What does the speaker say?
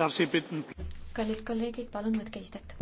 kallid kolleegid palun võtke istet!